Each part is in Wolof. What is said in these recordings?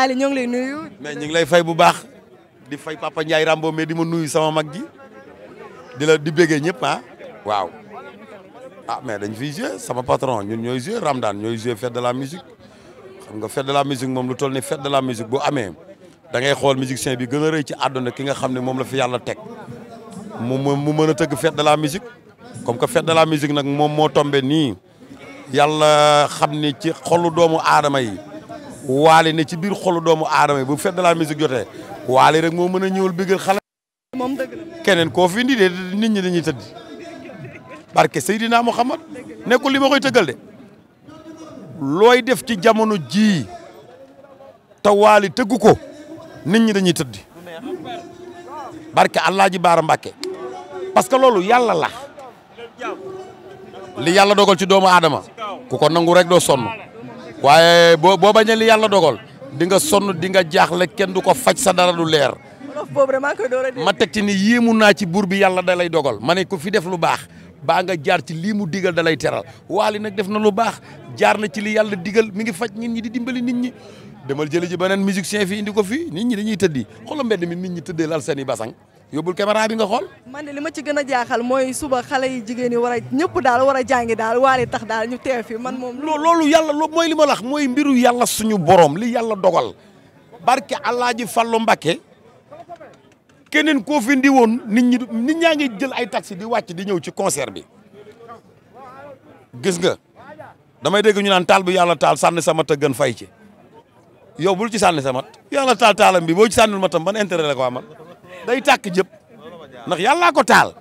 Aly ñoo ngi lay mais ñu ngi lay fay bu baax di fay papa Ndiaye Rambo mais di ma nuyu sama mag ji di la di béggee ñëpp ah waaw. ah mais dañ fi joué sama patron ñun ñooy joué Ramdan ñooy joué fête de la musique xam nga fet de la musique moom lu toll ni fête de la musique bu amee da ngay xool musicien bi gën a rëy ci àdduna ki nga xam ne moom la fi yàlla teg mu mu mën a tëgg fête de la musique comme que fête de la musique nag moom moo tombe nii yàlla xam ni ci xolu doomu aadama yi. waale ne ci biir xolu doomu aadama bu fête de la musique jotee waale rek moo mën a ñëwal bégal xale. moom keneen koo fi indi de nit ñi dañuy tëdd barke Seydina Muhammad ko li ma koy tëggal de looy def ci jamono jii te waali tëggu ko nit ñi dañuy tëdd barke Alaaji Baara Mbàkke parce que loolu yàlla la li yàlla dogal ci doomu aadama ku ko nangu rek doo sonn. waaye boo boo bañee li yàlla dogal di nga sonn di nga jaaxle kenn du ko faj sa dara du leer. ma teg ci ni yéemu naa ci buur bi yàlla da lay dogal ma ne ku fi def lu baax baa nga jaar ci lii mu digal da lay teral waali nag def na lu baax jaar na ci li yàlla digal mi ngi faj nit ñi di dimbali nit ñi demal jëli ji beneen musicien fi indi ko fi nit ñi dañuy tëddi xoolal mbedd mi nit ñi tëddee lal seen i basang yóbbul caméra bi nga xool. man de li ma ci gën a jaaxal mooy suba xale yi jigéen yi war a ñëpp daal war a jàngi daal waale tax daal ñu teew fi man moom. loolu yàlla mooy li ma lax mooy mbiru yàlla suñu borom li yàlla dogal barke Alaaji Fallu mbake keneen koo fi woon nit ñi nit ñaa ngi jël ay taxi di wàcc di ñëw ci concert bi gis nga damay dégg ñu naan taal bi yàlla taal sànni samat a gën fay ci yow ci sànni sa mat yàlla taal taalam bi boo ci sànnil ma tam ban intérêt day tàkk jëpp ndax yàllaa ko taal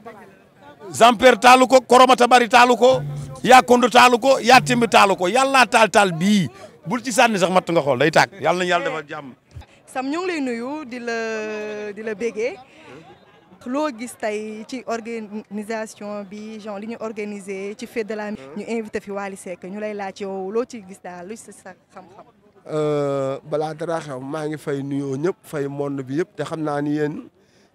Zamper taalu ko Koromata bari taalu ko ya Yakondo taalu ko Yatimbi taalu ko yàllaa taal taal bii bul ci sànni sax matt nga xool day tàkk yàlla nañu yàlla defal jàmm. Sam ñu ngi lay nuyu di la di la bégee loo gis tey ci organisation bi genre li ñu organisé ci fête de ñu invité fi Wally Seck ñu lay laaj yow loo ci gis daal lu ci sa xam-xam. Euh, balaa dara xew maa ngi fay nuyoo ñëpp fay monde bi yëpp te xam naa ni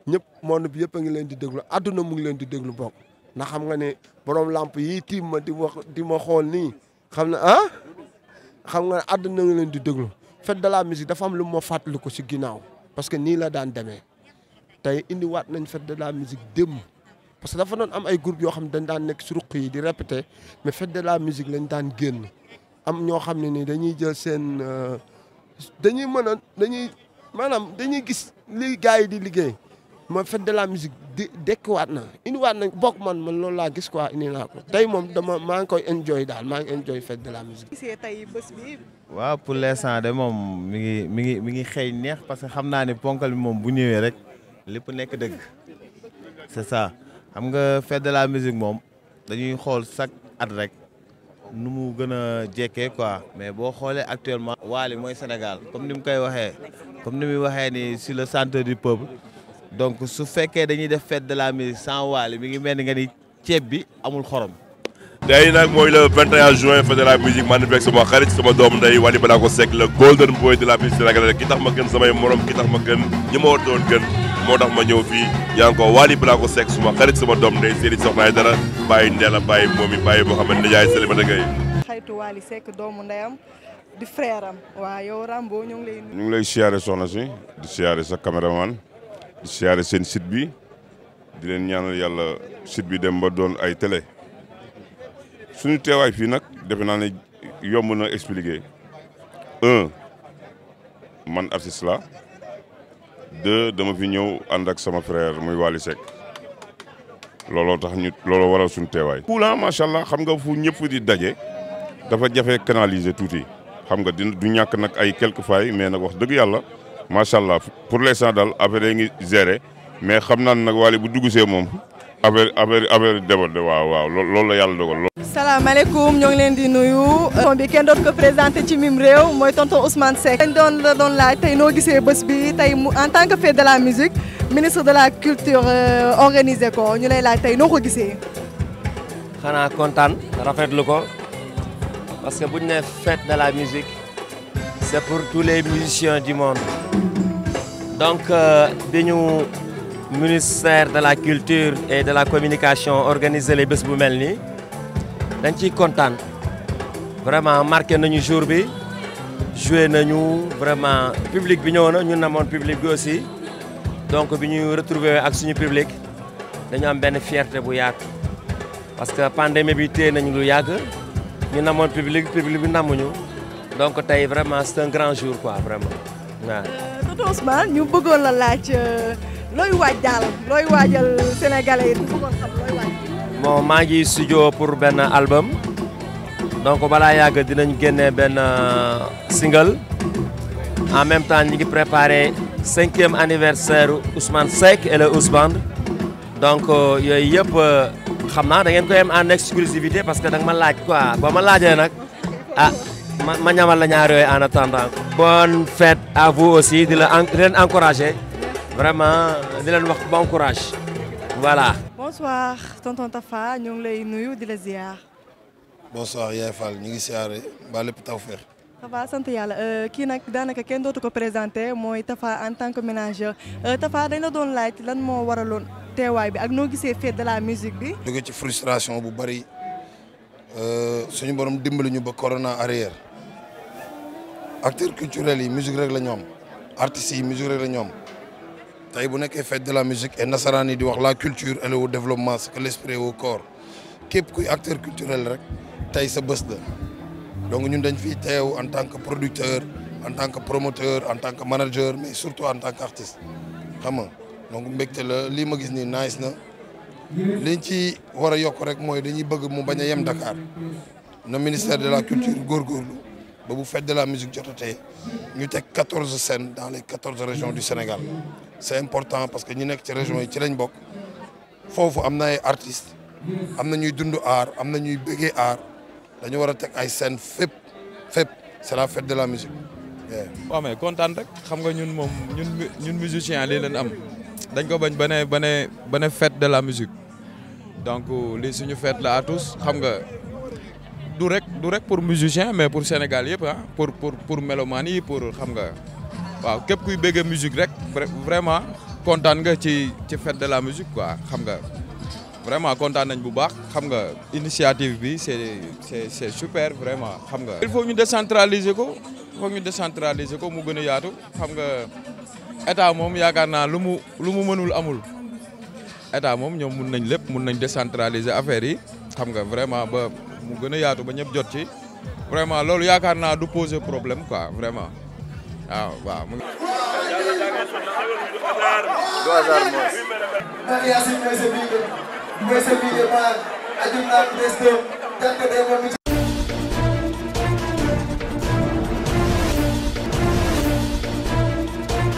ñëpp moon na bi yëpp ngi leen di déglu àdduna mu ngi leen di déglu bokk ndax xam nga ne borom làmp yi tiim ma di wax di ma xool nii xam na ah xam nga ne àdduna ngi leen di déglu fête de la musique dafa am lu ma fàttali ko si ginnaaw parce que nii la daan demee tey indiwaat nañ fête de la musique démb parce que dafa doon am ay groupe yoo xam dañ daan nekk si ruq yi di répété mais fête de la musique lañ daan ni am ñoo xam ne nii dañuy jël seen euh, dañuy mën a dañuy maanaam dañuy gis li gars yi di liggéey mooy fet de la musique di dekkiwaat na indiwaat nañ bokk man man loolu laa gis quoi indi naa ko tey moom dama maa ngi koy enjoy daal maa ngi enjoy fet de la musique. gisee tey bés bi. waaw pour l'instant de moom mi ngi mi ngi mi ngi xëy neex parce que xam naa ni ponkal bi moom bu ñëwee rek lépp nekk dëgg c'est ça xam nga fête de la musique moom dañuy xool chaque at rek nu mu gën a jekkee quoi mais boo xoolee actuellement. Wally mooy Sénégal comme ni mu koy waxee comme ni muy waxee ni sur le centre du peuple. donc su fekkee dañuy def fête de la musique sans Wally mi ngi mel ni nga ni ceeb bi amul xorom. tey nag mooy le 21 juin fête de la musique ma ànd fekk sama xarit sama doom ndey Wally ko Seck le golden boy de la musique sénégalaise ki tax ma gën samay morom ki tax ma gën ñi ma war doon gën moo tax ma ñëw fii yaa ngi ko Wally Ballago Seck suma xarit sama doom ndey Serigne Soxna dara bàyyi Ndella bàyyi Momi bàyyi Mouhamed Ndiaye Salimata Gueye. xaritu Wally Seck doomu ndeyam di frère am waaw yow Rambo ñu ngi lay. ñu ngi lay siyaare soxna si di siyaare sa di siyaare seen site bi di leen ñaanal yàlla site bi dem ba doon ay télé suñu teewaay fii nag defe naa ne yomb na expliquer un man artiste la deux dama fi ñëw ànd ak sama frère muy Wally Seck looloo tax ñu looloo waral suñu teewaay. Poulain macha allah xam nga fu ñëpp di daje dafa jafe canaliser tuuti xam nga du ñàkk nag ay quelques failles mais na wax dëgg yàlla. macha allah pour l'instant daal affaire yi ngi gérer mais xam naa nag waale bu dugg moom affaire affaire affaire déborde waaw waaw loolu la yàlla dogal lool. salaamaaleykum ñoo ngi leen di nuyu. moom kenn doon ko présenté ci mim réew mooy tonton Ousmane Seck. dañ doon la doon laaj tey noo gisee bés bi tey mu en tant que fête de la musique ministre de la culture euh, organisé ko ñu lay laaj tey noo ko gisee. xanaa kontaan rafetlu ko parce que bu ñu nee de la musique c'est pour tous les musiciens du donc bi euh, ñu ministère de la culture et de la communication organiser les bés bu mel nii dañ ciy kontaan vraiment marqué nañu jour bi joué nañu vraiment public bi ñëw na ñu namoon public bi aussi donc bi ñu retrouver ak suñu public dañu am benn fierté bu yaatu parce que pandémie bi téye nañu lu yàgg ñu namoon public public bi namuñu donc tey vraiment c'est un grand jour quoi vraiment waaw Ousmane ñu bëggoon la laaj euh, looy waaj daal looy waajal sénégalais yi ñu bëggoon xam looy waaj. bon maa ngi studio pour benn album donc balaa yàgg dinañ génne benn euh, single en même temps ñu ngi préparé cinquième anniversaire Ousmane Seck et le Ousband donc euh, yooyu yëpp xam naa da ngeen koy am en exclusivité parce que nag nga ma laaj quoi boo ma laajee nag ah, ma ñamal la ñaar yooyu en attendant. bonne fête à aussi di la di leen encourager vraiment di leen wax bon courage voilà. bonsoir tonton Tafa ñu ngi lay nuyu di la ziar. bonsoir Yaay Fall ñu ngi siyaare ba lépp tawfeex. Tafa sant yàlla euh, kii nag daanaka kenn dootu ko présenté mooy Tafa en tant que ménageur euh, Tafa dañ la doon laaj lan moo waraloon teewaay bi ak noo gisee fête de la musique bi. jóge ci frustration bu bari euh, suñu borom dimbali ñu ba corona arrière. acteurs culturels yi musique rek la ñoom artistes yi musique rek la ñoom tey bu nekkee fête de la musique et nasaraan yi di wax la culture elle est au développement c'est que l'esprit au corps képp kuy acteur culturel rek tey sa bés la donc ñun dañ fi teew en tant que producteur en tant que promoteur en tant que manager mais surtout en tant qu'artiste xam nga donc mbégte la lii ma gis nii nice na liñ ci war a yokk rek mooy dañuy bëgg mu bañ a yem Dakar na ministère de la culture góorgóorlu ba bu fête de la musique jotatee ñu teg quatorze scènes dans les quatorze régions du Sénégal c'est important parce que ñu nekk ci région yi ci lañ bokk foofu am na ay artistes am na ñuy dund aar am na ñuy bëggee aar dañu war a teg ay scènes fépp fépp c'est la fête de la musique. waaw mais kontaan rek xam nga ñun moom ñun ñun musiciens lii leen am dañ ko bañ ba ne ba ne fête de la musique donc lii suñu fête la à tous xam nga. du rek du rek pour musicien mais pour Sénégal yëpp ah pour pour pour mélomane yi pour xam nga waaw képp kuy bëggee musique rek vraiment kontaan nga ci ci fête de la musique quoi xam nga vraiment kontaan nañ bu baax xam nga initiative bi c' est c' est c' super vraiment xam nga. il faut ñu décentraliser ko il ñu décentraliser ko mu gën a yaatu xam nga état moom yaakaar naa lu mu lu mu mënul amul état moom ñoom mun nañ lépp mun nañ décentraliser affaire yi xam nga vraiment ba. mu gën a yaatu ba ñëpp jot ci vraiment loolu yaakaar naa du poser problème quoi vraiment waaw waaw. du hasard